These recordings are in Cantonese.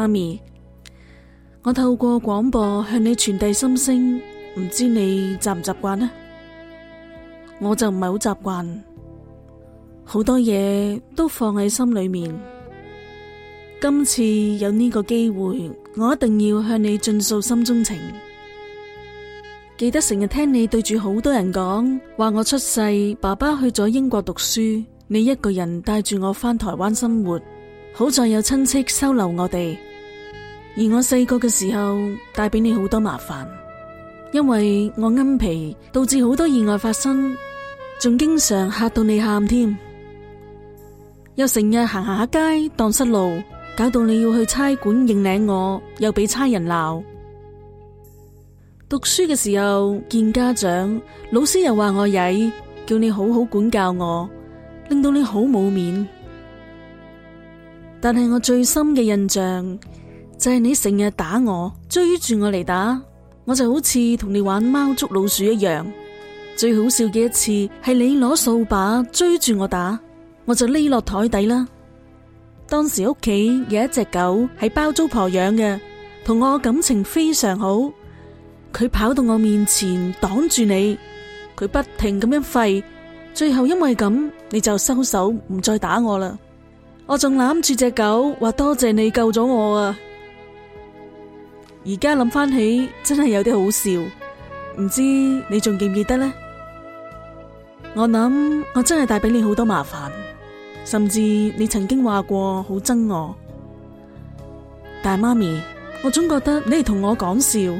媽咪，我透過廣播向你傳遞心聲，唔知你習唔習慣呢？我就唔係好習慣，好多嘢都放喺心裏面。今次有呢個機會，我一定要向你盡訴心中情。記得成日聽你對住好多人講話，我出世，爸爸去咗英國讀書，你一個人帶住我返台灣生活，好在有親戚收留我哋。而我細個嘅時候帶俾你好多麻煩，因為我奀皮導致好多意外發生，仲經常嚇到你喊添，又成日行行下街蕩失路，搞到你要去差館認領我，又俾差人鬧。讀書嘅時候見家長、老師又話我曳，叫你好好管教我，令到你好冇面。但係我最深嘅印象。就係你成日打我，追住我嚟打，我就好似同你玩貓捉老鼠一樣。最好笑嘅一次係你攞掃把追住我打，我就匿落台底啦。當時屋企有一隻狗係包租婆養嘅，同我感情非常好。佢跑到我面前擋住你，佢不停咁樣吠，最後因為咁你就收手唔再打我啦。我仲攬住隻狗，話多謝你救咗我啊！而家諗翻起，真係有啲好笑，唔知你仲記唔記得呢？我諗我真係帶俾你好多麻煩，甚至你曾經話過好憎我。但媽咪，我總覺得你係同我講笑，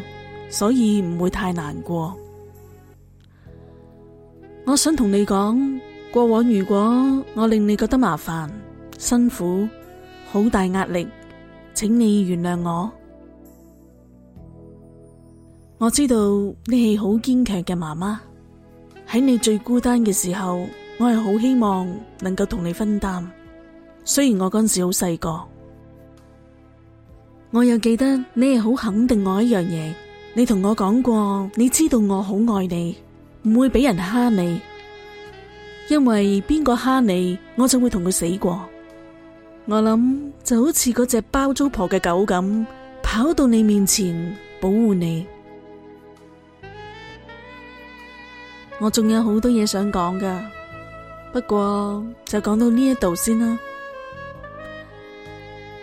所以唔會太難過。我想同你講，過往如果我令你覺得麻煩、辛苦、好大壓力，請你原諒我。我知道你係好堅強嘅媽媽，喺你最孤單嘅時候，我係好希望能夠同你分擔。雖然我嗰陣時好細個，我又記得你係好肯定我一樣嘢。你同我講過，你知道我好愛你，唔會俾人蝦你，因為邊個蝦你，我就會同佢死過。我諗就好似嗰隻包租婆嘅狗咁，跑到你面前保護你。我仲有好多嘢想講㗎，不過就講到呢一度先啦。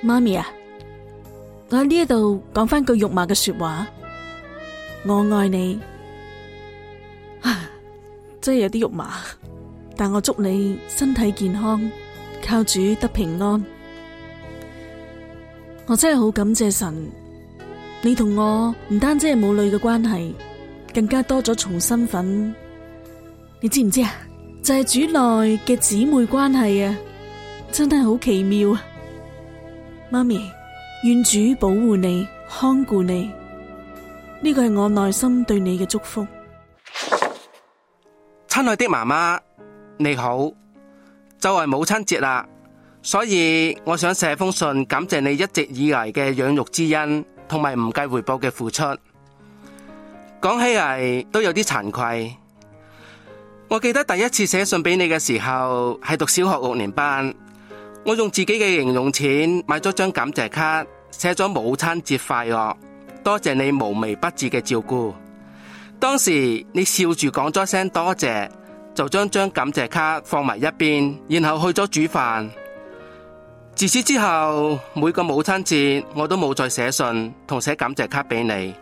媽咪啊，我喺呢一度講返句肉麻嘅說話，我愛你啊，真係有啲肉麻。但我祝你身體健康，靠主得平安。我真係好感謝神，你同我唔單止係母女嘅關係，更加多咗重身份。你知唔知啊？就係主內嘅姊妹關係啊，真係好奇妙啊！媽咪，願主保護你，看顧你，呢個係我內心對你嘅祝福。親愛的媽媽，你好，就係母親節啦，所以我想寫封信感謝你一直以嚟嘅養育之恩，同埋唔計回報嘅付出。講起嚟都有啲慚愧。我記得第一次寫信俾你嘅時候，係讀小學六年班，我用自己嘅零用錢買咗張感謝卡，寫咗母親節快樂，多謝你無微不至嘅照顧。當時你笑住講咗聲多謝，就將張感謝卡放埋一邊，然後去咗煮飯。自此之後，每個母親節我都冇再寫信同寫感謝卡俾你，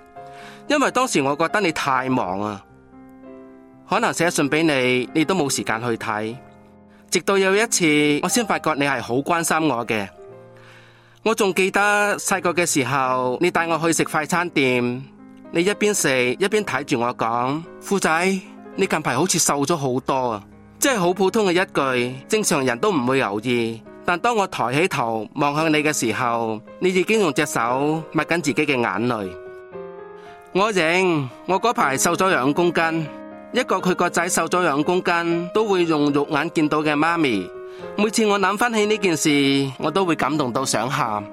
因為當時我覺得你太忙啊。可能寫信俾你，你都冇時間去睇。直到有一次，我先發覺你係好關心我嘅。我仲記得細個嘅時候，你帶我去食快餐店，你一邊食一邊睇住我講：富仔，你近排好似瘦咗好多啊！真係好普通嘅一句，正常人都唔會留意。但當我抬起頭望向你嘅時候，你已經用隻手抹緊自己嘅眼淚。我認，我嗰排瘦咗兩公斤。一個佢個仔瘦咗兩公斤，都會用肉眼見到嘅媽咪。每次我諗翻起呢件事，我都會感動到想喊。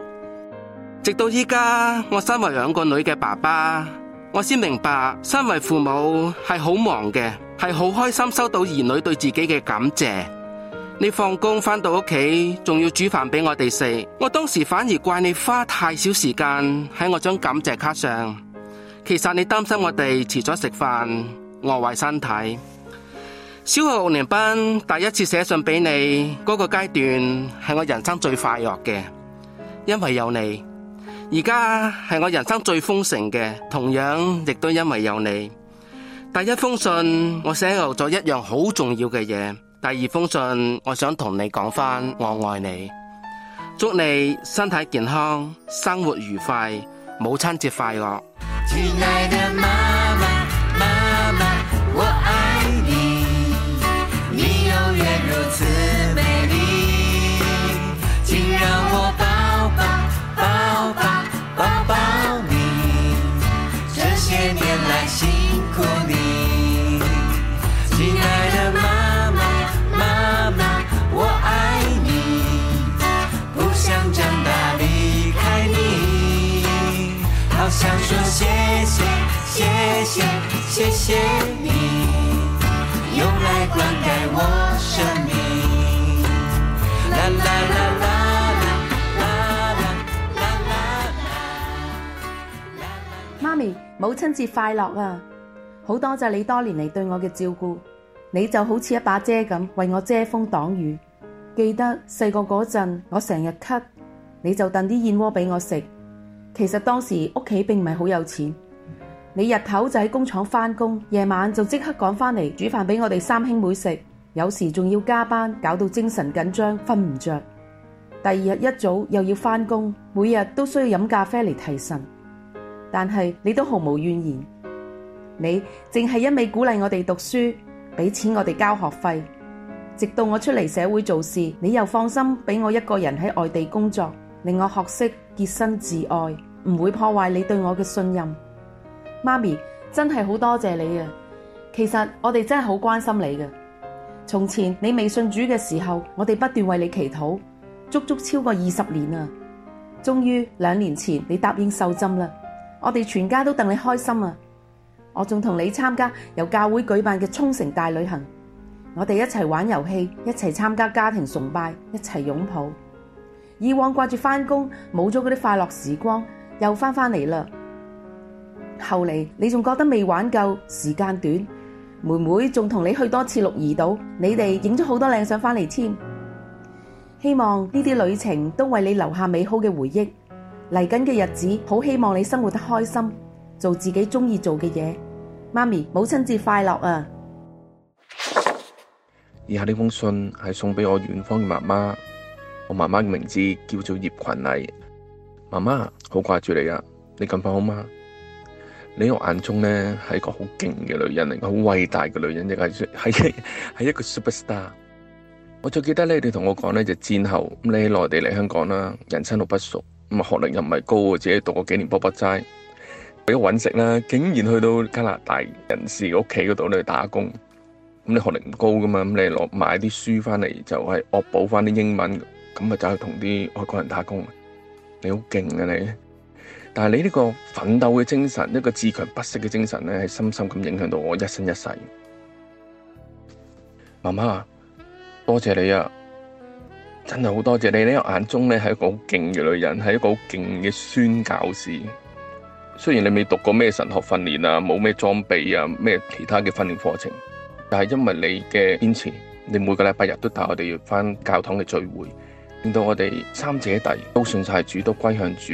直到依家我身為兩個女嘅爸爸，我先明白身為父母係好忙嘅，係好開心收到兒女對自己嘅感謝。你放工翻到屋企仲要煮飯俾我哋食，我當時反而怪你花太少時間喺我張感謝卡上。其實你擔心我哋遲咗食飯。餓壞身體。小學六年班第一次寫信俾你嗰個階段係我人生最快樂嘅，因為有你。而家係我人生最豐盛嘅，同樣亦都因為有你。第一封信我寫落咗一樣好重要嘅嘢，第二封信我想同你講返我愛你。祝你身體健康，生活愉快，母親節快樂。親愛的媽。謝謝謝謝你用來灌溉我生命， 媽咪，母親節快樂啊！好多謝你多年嚟對我嘅照顧，你就好似一把遮咁，為我遮風擋雨。記得細個嗰陣，我成日咳，你就燉啲燕窩俾我食。其實當時屋企並唔係好有錢。你日頭就喺工廠翻工，夜晚就即刻趕翻嚟煮飯俾我哋三兄妹食，有時仲要加班，搞到精神緊張，瞓唔着。第二日一早又要翻工，每日都需要飲咖啡嚟提神。但係你都毫無怨言，你淨係一味鼓勵我哋讀書，俾錢我哋交學費，直到我出嚟社會做事，你又放心俾我一個人喺外地工作，令我學識潔身自愛，唔會破壞你對我嘅信任。媽咪真係好多謝你啊！其實我哋真係好關心你嘅。從前你未信主嘅時候，我哋不斷為你祈禱，足足超過二十年啊！終於兩年前你答應受浸啦，我哋全家都戥你開心啊！我仲同你參加由教會舉辦嘅沖繩大旅行，我哋一齊玩遊戲，一齊參加家庭崇拜，一齊擁抱。以往掛住翻工，冇咗嗰啲快樂時光，又翻翻嚟啦。後嚟你仲覺得未玩夠，時間短，妹妹仲同你去多次鹿兒島，你哋影咗好多靚相翻嚟添。希望呢啲旅程都為你留下美好嘅回憶。嚟緊嘅日子，好希望你生活得開心，做自己中意做嘅嘢。媽咪，母親節快樂啊！以下呢封信係送俾我遠方嘅媽媽，我媽媽嘅名字叫做葉群麗。媽媽好掛住你啊！你近排好嗎？你我眼中咧係一個好勁嘅女人嚟，個好偉大嘅女人，亦係係係一個 superstar。我最記得咧，你同我講咧就戰後咁咧，內地嚟香港啦，人生路不熟，咁啊學歷又唔係高，自己讀過幾年卜卜齋，為咗揾食咧，竟然去到加拿大人士嘅屋企嗰度咧打工。咁你學歷唔高噶嘛，咁你攞買啲書翻嚟就係惡補翻啲英文，咁啊就係同啲外國人打工。你好勁啊你！但係你呢個奮鬥嘅精神，一個自強不息嘅精神呢係深深咁影響到我一生一世。媽媽，多謝你啊！真係好多謝你。呢眼中咧係一個好勁嘅女人，係一個好勁嘅宣教士。雖然你未讀過咩神學訓練啊，冇咩裝備啊，咩其他嘅訓練課程，但係因為你嘅堅持，你每個禮拜日都帶我哋要返教堂嘅聚會，令到我哋三姐弟都信晒主，都歸向主。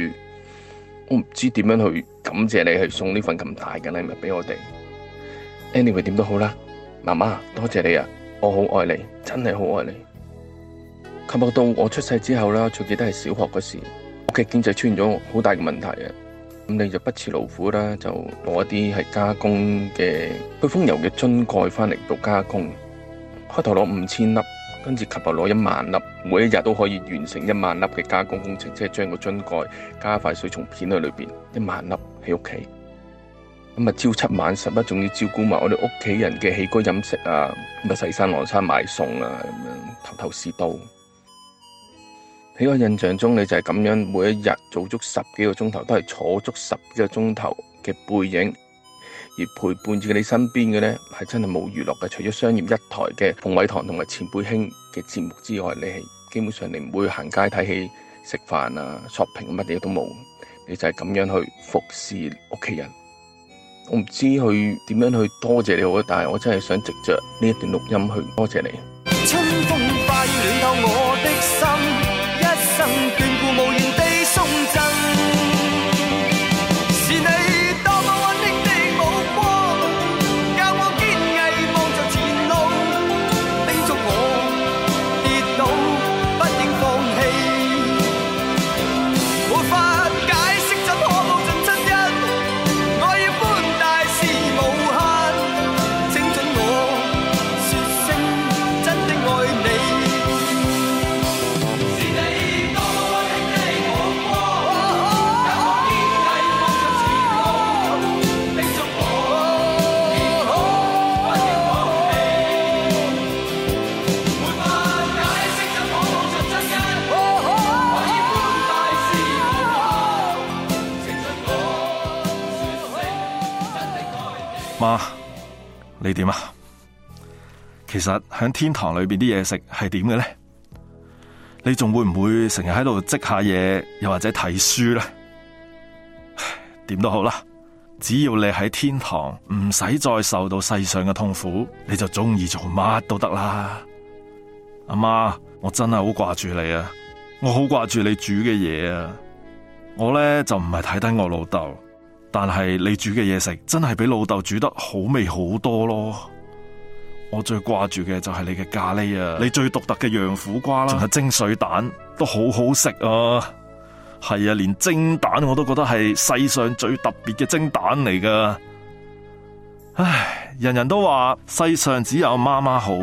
我唔知點樣去感謝你，去送呢份咁大嘅禮物俾我哋。Anyway 點都好啦，媽媽多謝你啊，我好愛你，真係好愛你。及後到我出世之後啦，最記得係小學嗰時，屋企經濟出現咗好大嘅問題啊。咁你就不辭勞苦啦，就攞一啲係加工嘅去風油嘅樽蓋返嚟做加工。開頭攞五千粒。跟住及後攞一萬粒，每一日都可以完成一萬粒嘅加工工程，即係將個樽蓋加快水松片喺裏邊，一萬粒喺屋企。咁啊，朝七晚十一，仲要照顧埋我哋屋企人嘅起居飲食啊，咁啊，洗衫晾衫買餸啦，咁樣頭頭是道。喺我印象中，你就係咁樣，每一日做足十幾個鐘頭，都係坐足十幾個鐘頭嘅背影。而陪伴住你身邊嘅咧，係真係冇娛樂嘅，除咗商業一台嘅馮偉棠同埋前輩兄嘅節目之外，你係基本上你唔會行街睇戲食飯啊、shopping 乜嘢都冇，你就係咁樣去服侍屋企人。我唔知去點樣去多謝你好啊，但係我真係想藉着呢一段錄音去多謝你。謝謝你春風化雨暖透我的心。點啊？其實喺天堂裏邊啲嘢食係點嘅咧？你仲會唔會成日喺度織下嘢，又或者睇書咧？唉，點都好啦，只要你喺天堂，唔使再受到世上嘅痛苦，你就中意做乜都得啦。阿媽，我真係好掛住你啊！我好掛住你煮嘅嘢啊！我咧就唔係睇低我老豆。但係你煮嘅嘢食真係比老豆煮得好味好多咯！我最掛住嘅就係你嘅咖喱啊，你最獨特嘅洋苦瓜啦、啊，仲係蒸水蛋都好好食啊！係啊，連蒸蛋我都覺得係世上最特別嘅蒸蛋嚟噶。唉，人人都話世上只有媽媽好，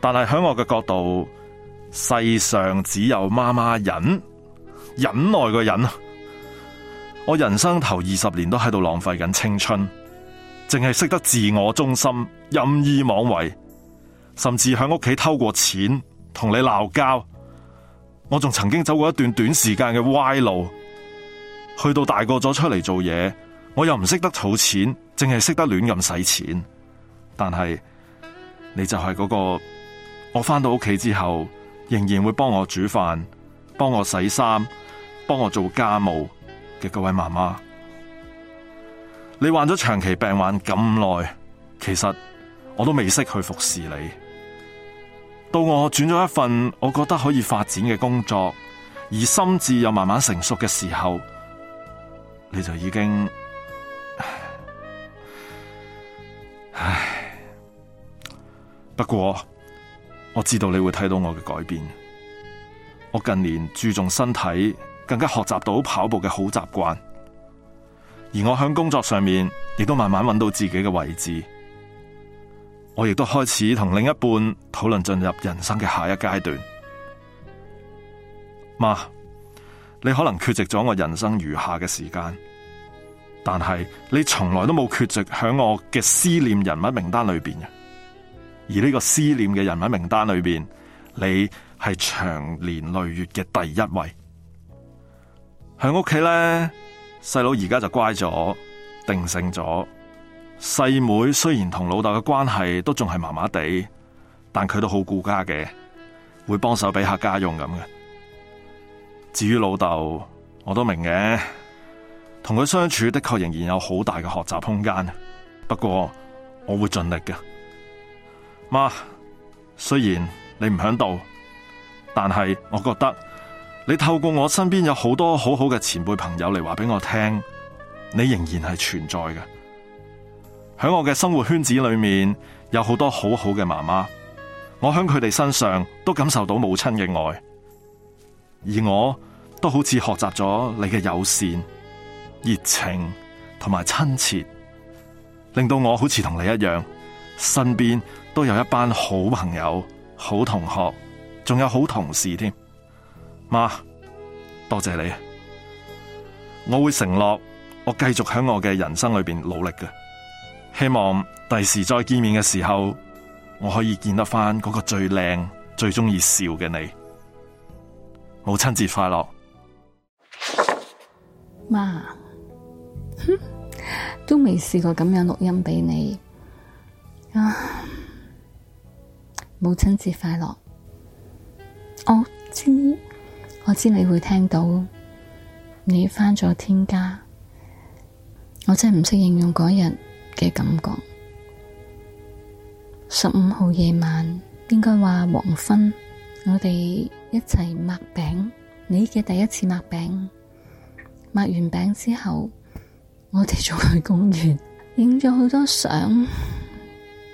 但係喺我嘅角度，世上只有媽媽忍忍耐嘅忍。我人生頭二十年都喺度浪費緊青春，淨係識得自我中心、任意妄為，甚至喺屋企偷過錢，同你鬧交。我仲曾經走過一段短時間嘅歪路，去到大個咗出嚟做嘢，我又唔識得儲錢，淨係識得亂咁使錢。但係你就係嗰個，我翻到屋企之後，仍然會幫我煮飯、幫我洗衫、幫我做家務。嘅各位媽媽，你患咗長期病患咁耐，其實我都未識去服侍你。到我轉咗一份我覺得可以發展嘅工作，而心智又慢慢成熟嘅時候，你就已經唉。不過我知道你會睇到我嘅改變，我近年注重身體。更加學習到跑步嘅好習慣，而我喺工作上面亦都慢慢揾到自己嘅位置。我亦都開始同另一半討論進入人生嘅下一階段。媽，你可能缺席咗我人生餘下嘅時間，但係你從來都冇缺席響我嘅思念人物名單裏邊嘅。而呢個思念嘅人物名單裏邊，你係長年累月嘅第一位。喺屋企咧，細佬而家弟弟就乖咗，定性咗。細妹，妹雖然同老豆嘅關係都仲係麻麻地，但佢都好顧家嘅，會幫手俾下家用咁嘅。至於老豆，我都明嘅，同佢相處的確仍然有好大嘅學習空間。不過我會盡力嘅。媽，雖然你唔響度，但係我覺得。你透過我身邊有好多好好嘅前輩朋友嚟話俾我聽，你仍然係存在嘅。喺我嘅生活圈子裏面，有好多好好嘅媽媽，我喺佢哋身上都感受到母親嘅愛，而我都好似學習咗你嘅友善、熱情同埋親切，令到我好似同你一樣，身邊都有一班好朋友、好同學，仲有好同事添。媽，多謝你，我會承諾我繼續喺我嘅人生裏邊努力嘅。希望第時再見面嘅時候，我可以見得翻嗰個最靚、最鍾意笑嘅你。母親節快樂，媽，都未試過咁樣錄音俾你。啊，母親節快樂，我知。我知你會聽到，你翻咗天家，我真係唔識形容嗰日嘅感覺。十五號夜晚，應該話黃昏，我哋一齊擘餅，你嘅第一次擘餅，擘完餅之後，我哋仲去公園影咗好多相，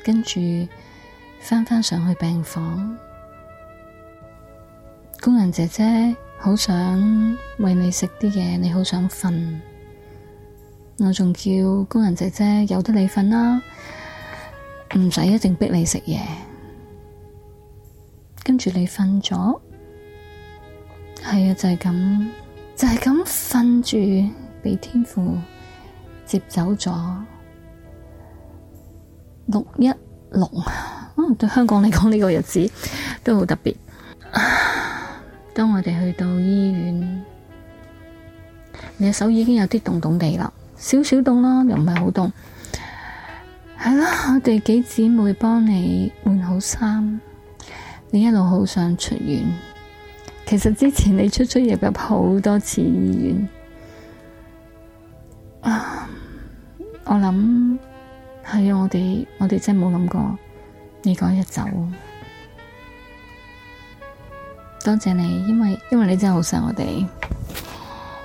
跟住翻返上去病房。工人姐姐好想餵你食啲嘢，你好想瞓，我仲叫工人姐姐有得你瞓啦，唔使一定逼你食嘢。跟住你瞓咗，係啊，就係咁，就係咁瞓住，被天父接走咗。六一六啊，對香港嚟講呢個日子都好特別。當我哋去到醫院，你嘅手已經有啲凍凍地啦，少少凍咯，又唔係好凍。係啦，我哋幾姊妹幫你換好衫，你一路好想出院。其實之前你出出入入好多次醫院啊，我諗係我哋，我哋真係冇諗過你嗰日走。多謝你，因為因為你真係好想我哋，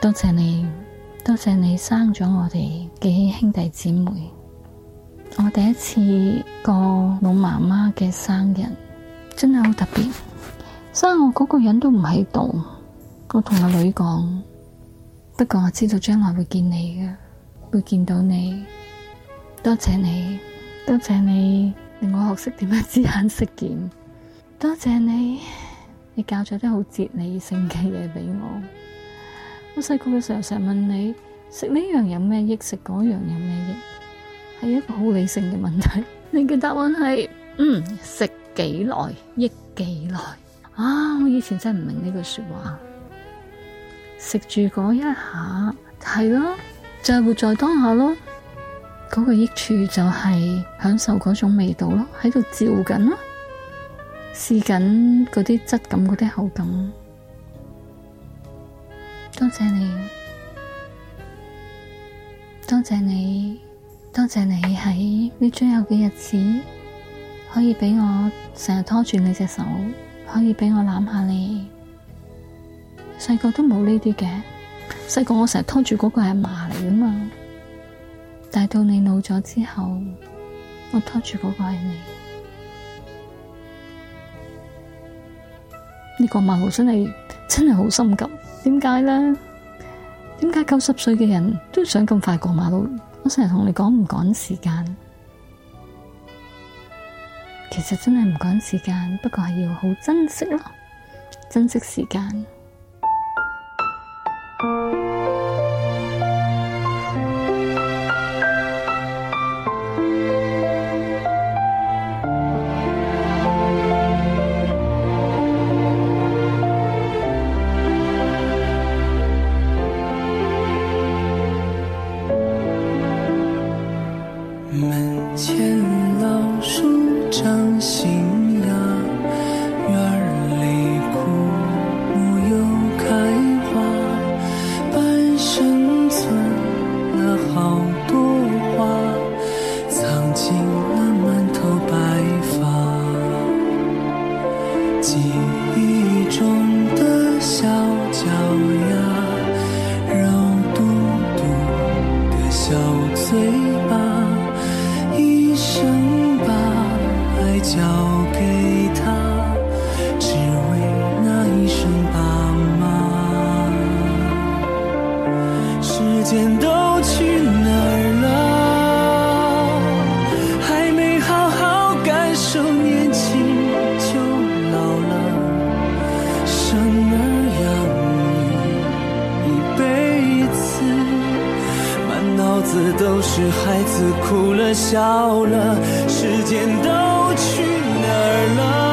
多謝你，多謝你生咗我哋幾兄弟姊妹。我第一次過老媽媽嘅生日真係好特別，生我嗰個人都唔喺度。我同阿女講，不過我知道將來會見你嘅，會見到你。多謝你，多謝你令我學識點樣知慳識儉，多謝你。你教咗啲好哲理性嘅嘢俾我。我細個嘅時候成日問你：食呢樣有咩益？食嗰樣有咩益？係一個好理性嘅問題。你嘅答案係：嗯，食幾耐益幾耐？啊，我以前真係唔明呢句說話。食住嗰一下，係咯，就係活在當下咯。嗰個益處就係享受嗰種味道咯，喺度照緊啦。試緊嗰啲質感，嗰啲口感。多謝你，多謝你，多謝你，喺呢最後嘅日子，可以畀我成日拖住你隻手，可以畀我攬下你。細個都冇呢啲嘅，細個我成日拖住嗰個係媽嚟噶嘛。但係到你老咗之後，我拖住嗰個係你。呢個馬路真係真係好心急，點解咧？點解九十歲嘅人都想咁快過馬路？我成日同你講唔趕時間，其實真係唔趕時間，不過係要好珍惜咯，珍惜時間。是孩子哭了笑了，時間都去哪兒了？